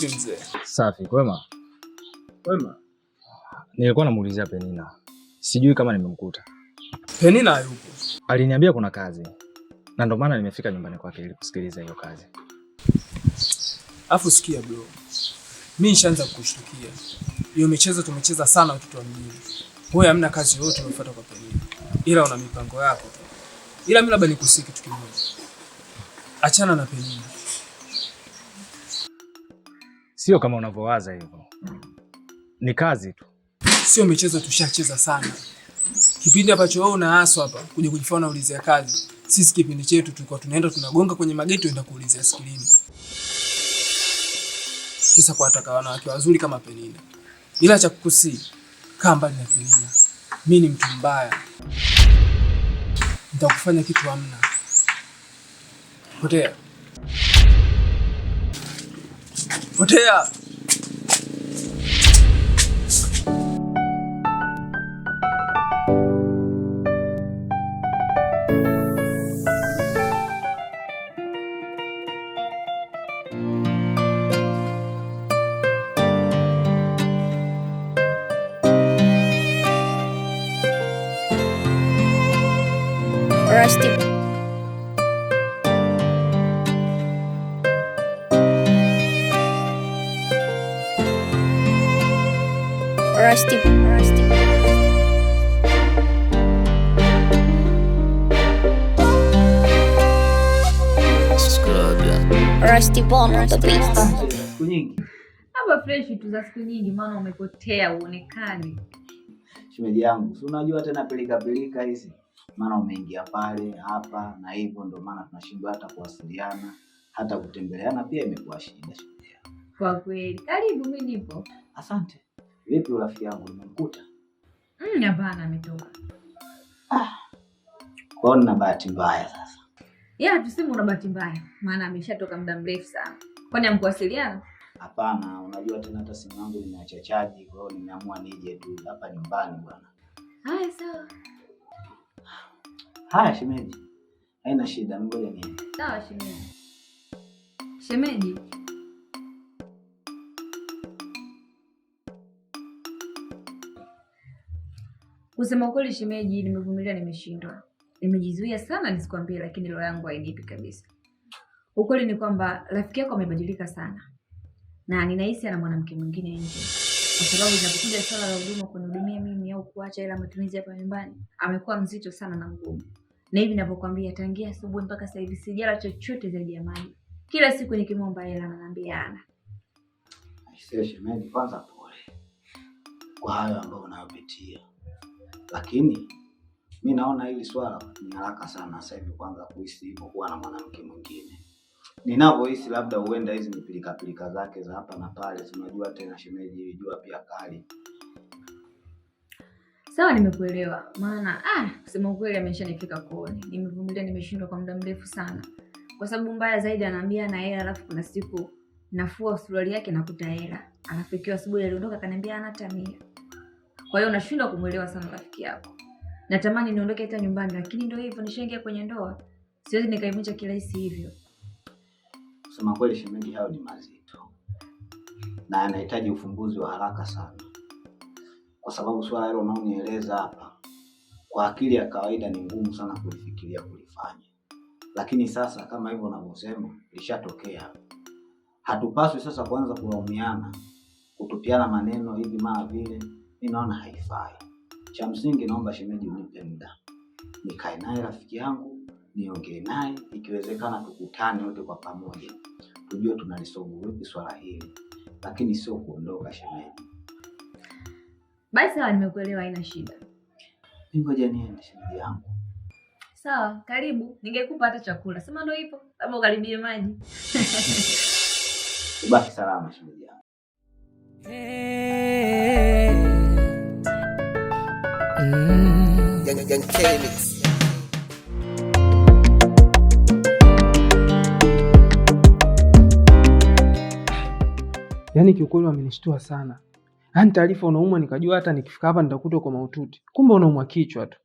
Vipi mzee? Safi, kwema? Kwema. Nilikuwa namuulizia Penina, sijui kama nimemkuta. Penina yupo. Aliniambia kuna kazi na ndio maana nimefika nyumbani kwake ili kusikiliza hiyo kazi. Afu sikia bro, Mimi nishaanza kukushtukia hiyo michezo tumecheza sana watoto wa mjini. Wewe hamna kazi yoyote unafuata kwa Penina, ila una mipango yako Ila mimi labda nikusii kitu kimoja, achana na Penina Sio kama unavyowaza hivyo, ni kazi tu, sio michezo. Tushacheza sana kipindi ambacho wewe unaaswa hapa kuja kujifanya unaulizia kazi. Sisi kipindi chetu tulikuwa tunaenda tunagonga kwenye mageti, enda kuulizia skrini, kisa kuwataka wanawake wazuri kama Penina. Ila cha kukusi kaa mbali na Penina. Mimi ni mtu mbaya, nitakufanya kitu hamna. Potea. Gut her! Rusty. Rusty. Rusty Bone on the Hapa fresh tu za siku nyingi maana umepotea uonekane. Shemeji yangu, si unajua tena pilika pilika hizi. Maana umeingia pale hapa na hivyo ndio maana tunashindwa hata kuwasiliana, hata kutembeleana pia imekuwa shida shemeji yangu. Kwa kweli. Karibu mimi nipo. Asante. Vipi rafiki yangu nimemkuta? Mm, hapana ametoka. Ah. Kwa nina bahati mbaya sasa. Ya, tuseme una bahati mbaya maana ameshatoka muda mrefu sana. Kwani amkuwasiliana? Hapana, unajua tena hata simu yangu nimeacha chaji, kwa hiyo nimeamua nije tu hapa nyumbani bwana. Haya sawa. Haya shemeji. Haina shida, ngoja nini? Sawa shemeji. Shemeji. Kusema ukweli, shemeji, nimevumilia, nimeshindwa, nimejizuia sana nisikwambie, lakini roho yangu hainipi kabisa. Ukweli ni kwamba rafiki yako amebadilika sana na ninahisi ana mwanamke mwingine nje, kwa sababu inapokuja swala la huduma kunihudumia mimi au kuacha hela matumizi hapa nyumbani, amekuwa mzito sana na mgumu, na hivi ninavyokuambia, tangia asubuhi mpaka sasa hivi sijala chochote zaidi ya maji. Kila siku nikimwomba hela ananiambia ana. Shemeji, kwanza pole kwa hayo ambayo unayopitia lakini mi naona hili swala ni haraka sana sasa hivi kwanza kuhisi hivyo kuwa na mwanamke mwingine. Ninavyohisi labda huenda hizi ni pilikapilika zake za hapa na pale, tunajua tena shemeji hili jua pia kali. Sawa, nimekuelewa. Maana ah, kusema ukweli ameshanifika kuoni nimevumilia, nimeshindwa kwa muda mrefu sana, kwa sababu mbaya zaidi anaambia na hela, alafu kuna siku nafua suruali yake nakuta hela, alafu ikiwa asubuhi aliondoka akaniambia anatamia kwa hiyo unashindwa kumwelewa sana rafiki yako. Natamani niondoke hata nyumbani, lakini ndio hivyo, nishaingia kwenye ndoa, siwezi nikaivunja kirahisi hivyo. Sema kweli, shemeji, hayo ni mazito na anahitaji ufumbuzi wa haraka sana, kwa sababu swala hilo unaonieleza hapa, kwa akili ya kawaida ni ngumu sana kulifikiria kulifanya, lakini sasa kama hivyo unavyosema, lishatokea. Hatupaswi sasa kuanza kulaumiana, kutupiana maneno hivi mara vile ninaona haifai. Cha msingi, naomba shemeji unipe muda nikae naye rafiki yangu, niongee naye, ikiwezekana tukutane wote kwa pamoja, tujue tunalisogo wepi swala hili, lakini sio kuondoka shemeji. Basi sawa, nimekuelewa, haina shida. Ngoja niende shemeji yangu. Sawa, karibu. Ningekupa hata chakula, sema ndo ipo, labda ukaribie maji. Ubaki salama shemeji yangu. Hey. Yaani kiukweli wamenishtua sana. Yaani taarifa unaumwa, nikajua hata nikifika hapa nitakuta kwa maututi, kumbe unaumwa kichwa tu.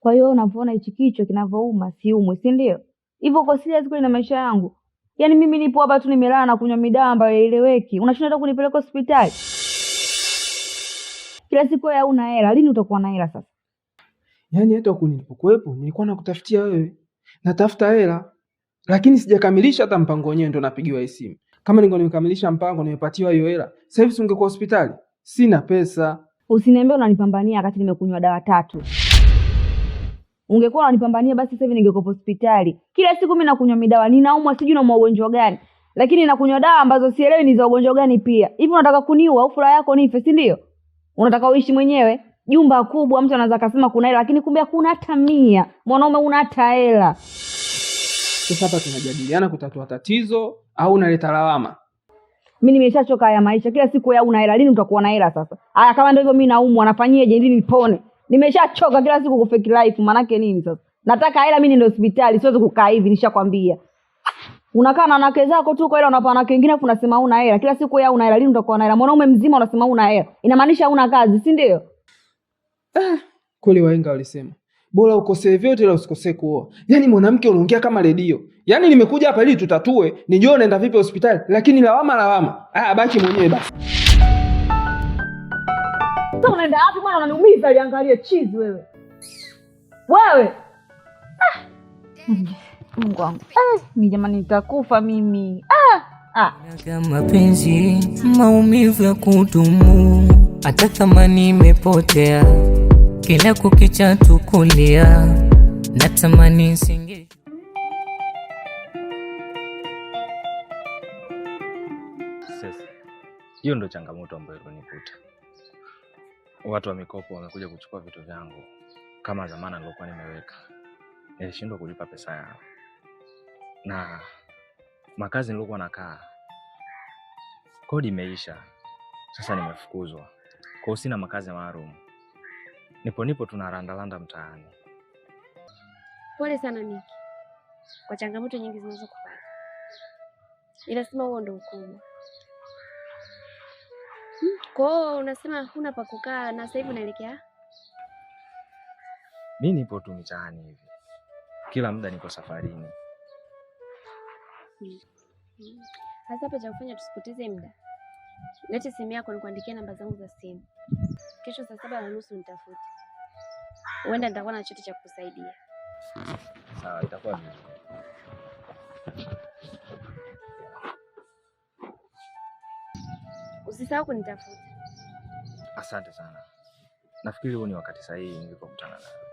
Kwa hiyo unavyoona hichi kichwa kinavyouma, siumwi, si ndio? Hivyo uko serious kweli na maisha yangu? Yaani mimi nipo hapa tu nimelala na kunywa midawa ambayo haieleweki, unashinda hata kunipeleka hospitali? Kila siku wewe una hela, lini utakuwa na hela sasa? Yaani hata huku nilipokuwepo nilikuwa nakutafutia wewe, natafuta hela lakini sijakamilisha hata mpango wenyewe, ndo napigiwa hii simu. Kama ningekuwa nimekamilisha mpango, nimepatiwa hiyo hela, sasa hivi singekuwa hospitali. Sina pesa. Usiniambie unanipambania wakati nimekunywa dawa tatu. Ungekuwa unanipambania basi sasa hivi ningekuwa hospitali. Kila siku mimi nakunywa midawa, ninaumwa sijui na ugonjwa gani, lakini nakunywa dawa ambazo sielewi ni za ugonjwa gani. Pia hivi unataka kuniua au furaha yako nife, si ndio? unataka uishi mwenyewe jumba kubwa mtu anaweza akasema kuna hela lakini kumbe hakuna hata mia mwanaume una hata hela sasa hapa tunajadiliana kutatua tatizo au unaleta lawama mi nimeshachoka haya maisha kila siku ya una hela lini utakuwa na hela sasa haya kama ndio hivyo mi naumwa nafanyieje ili nipone nimeshachoka kila siku kufake life manake nini sasa nataka hela mi niende hospitali siwezi kukaa hivi nishakwambia unakaa na wanawake zako tu kwa hela unapa wanawake wengine afu unasema una hela kila siku ya una hela lini utakuwa na hela mwanaume mzima unasema una hela inamaanisha una kazi si ndio ah, kweli wahenga walisema bora ukosee vyote ila usikosee kuoa yaani mwanamke unaongea kama redio yaani nimekuja hapa ili tutatue nijue unaenda vipi hospitali lakini lawama lawama ah, baki mwenyewe basi sasa unaenda wapi mwana unaniumiza liangalie chizi wewe wewe ah. Mungu wangu ah, mi jamani, nitakufa mimi kama ah, ah. Mapenzi maumivu ya kudumu, hata thamani imepotea, kila kukicha tukulia na tamani singe hiyo ndo changamoto ambayo ilonikuta. Watu wa mikopo wamekuja kuchukua vitu vyangu kama dhamana nilikuwa nimeweka, nilishindwa kulipa pesa yao na makazi niliokuwa nakaa kodi imeisha, sasa nimefukuzwa kwao, sina makazi maalum, nipo nipo tunarandaranda mtaani. Pole sana niki kwa changamoto nyingi zinazokupata, inasema huo ndo ukubwa hmm, kwao. Unasema huna pa kukaa na sasa hivi unaelekea? Mi nipo tu mitaani hivi, kila muda niko safarini Hmm. Hasa hapa cha kufanya tusipoteze muda, lete simu yako nikuandikia namba zangu za simu. Kesho saa saba na nusu nitafute, huenda nitakuwa na chote cha kukusaidia. Sawa, ah, itakuwa vizuri. Usisahau kunitafuta. Asante sana. Nafikiri huu ni wakati sahihi nilipokutana nawe.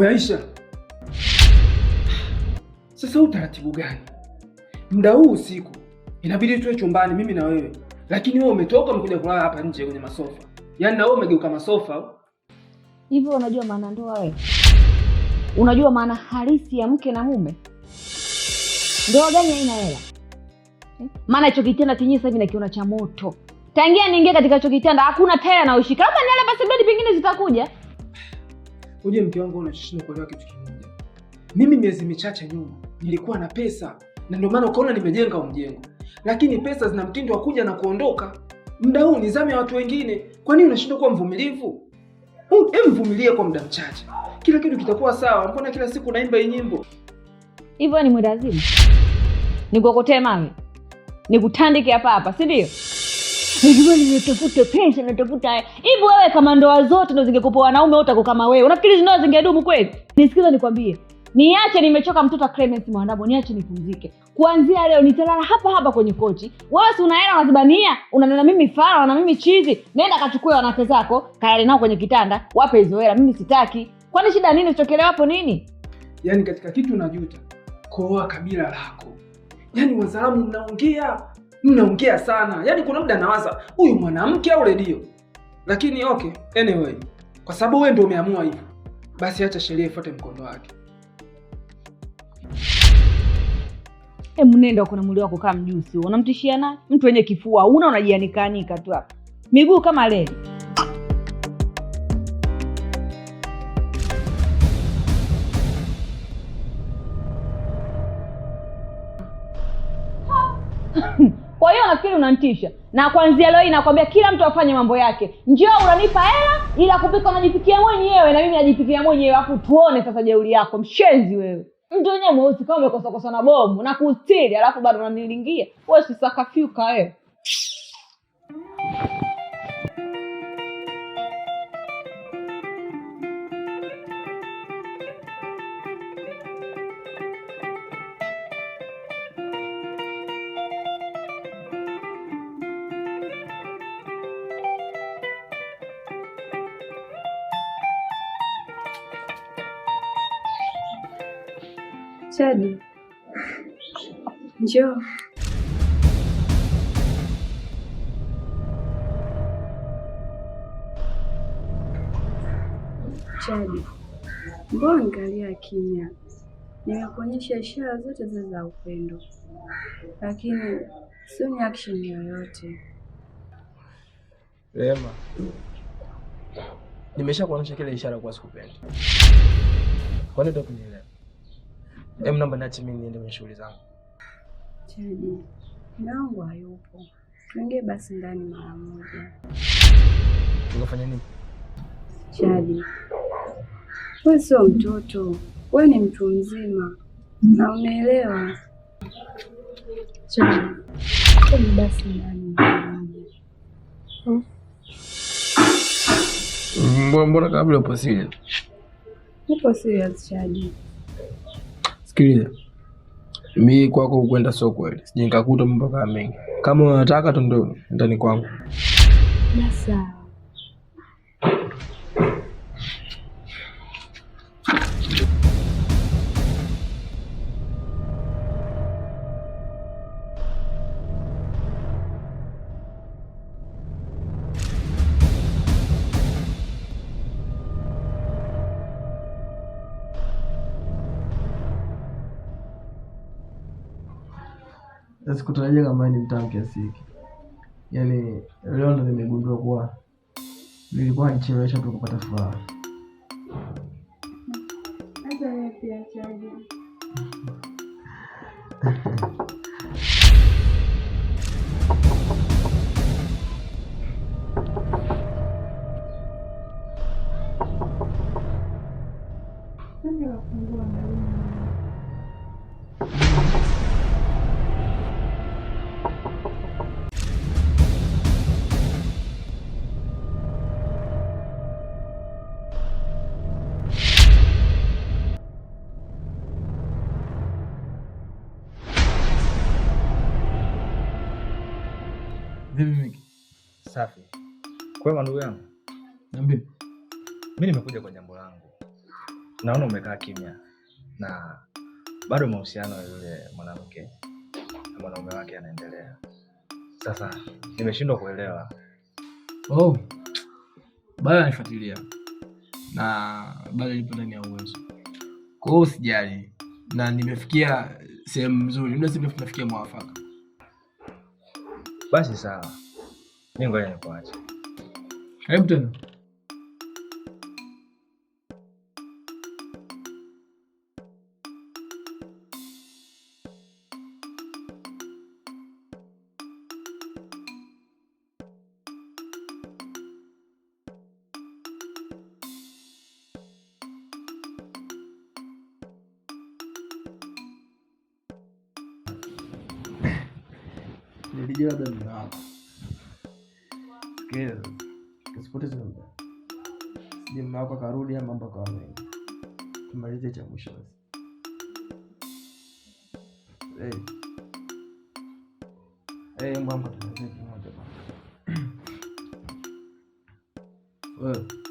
We Aisha, sasa utaratibu gani? Muda huu usiku inabidi tuwe chumbani mimi na wewe, lakini wewe umetoka umekuja kulala hapa nje kwenye masofa. Yaani na wewe umegeuka masofa hivi. Unajua maana ndoa wewe? Unajua maana halisi ya mke na mume? Ndoa gani haina hela? Eh? Maana hicho kitanda chenyewe sasa hivi nakiona cha moto. Tangia niingia katika hicho kitanda hakuna tela naoshika. Kama nile basi bedi pengine zitakuja. Uje mke wangu, anashindwa kuelewa kitu kimoja. Mimi miezi michache nyuma nilikuwa na pesa, na ndio maana ukaona nimejenga mjengo, lakini pesa zina mtindo wa kuja na kuondoka. Muda huu ni zamu ya watu wengine. Kwa nini unashindwa kuwa mvumilivu? Mvumilie kwa muda mchache, kila kitu kitakuwa sawa. Mbona kila siku naimba hii nyimbo hivyo? Ni mwenda wazimu, nikukokotee mawe, nikutandike hapa hapa, si ndio? najua nimetafuta pensa natafuta hivi wewe kama ndoa zote ndo zingekupa wanaume wote kama wewe unafikiri ndoa zingedumu kweli nisikiza nikwambie niache nimechoka mtoto Clemens Mwandabo niache nipumzike kuanzia leo nitalala hapa hapa kwenye kochi wewe si unaenda unazibania unanena mimi fara na mimi chizi nenda kachukue wanawake zako kalale nao kwenye kitanda wape hizo hela mimi sitaki kwani shida nini chokelewa hapo nini yaani katika kitu unajuta koa kabila lako yaani wazalamu mnaongea mnaongea sana, yaani kuna muda nawaza huyu mwanamke au redio. Lakini okay, anyway, kwa sababu wewe ndio umeamua hivyo, basi acha sheria ifuate mkondo wake. Hebu nenda kuna mwili wako kama mjusi, unamtishia na Mtu wenye kifua una unajianikanika tu hapa, miguu kama leli lakini unantisha na kwanzia leo inakwambia nakwambia kila mtu afanye mambo yake njio unanipa hela ila kupika unajipikia mwenyewe na mimi najipikia mwenyewe afu tuone sasa jeuli yako mshenzi wewe mtu wenyewe mweusi kama umekosakosa na bomu na kustiri alafu bado unanilingia wewe sisakafyuka wewe Sadi, njoo. Chadi, mbona nikalia kimya? Nimekuonyesha ishara zote zile za upendo, lakini sioni action yoyote. Rema, nimesha kuonyesha kile ishara kuwa sikupendi. Kwani ndio Em, naomba niache mimi niende kwenye shughuli zangu. Chaji mlango hayupo, tuingie basi ndani mara moja. Unafanya nini? Chaji, wewe sio mtoto, wewe ni mtu mzima na umeelewa. Chaji, twende basi ndani mara moja. Hmm. Mbona kabla upo serious? Upo serious Chaji? Sikiliza, mi kwako ukwenda sio kweli, sije mambo kama mengi. Kama unataka tu ndani kwangu. Sawa. na sikutarajia kama ni mtaa kiasi hiki. Yaani leo ndo nimegundua kuwa nilikuwa nichelewesha tu kupata furaha. Safi. Kwema ndugu yangu. Niambie. Mimi nimekuja kwa jambo langu. Naona umekaa kimya na bado mahusiano ya yule mwanamke na mwanaume wake yanaendelea. Sasa nimeshindwa kuelewa. Oh. Bado naifuatilia na bado lipo ndani ya uwezo. Kwa hiyo sijali na nimefikia sehemu nzuri, muda mwafaka. Basi sawa. 另外也不爱情，Hampton. Jadi dia ada berapa? skill usipoteze muda, sije mume wako akarudi ama mambo akawa mengi. Tumalize cha mwisho basi. Hey. Hey, mambo tunaze kimoja bana. Wewe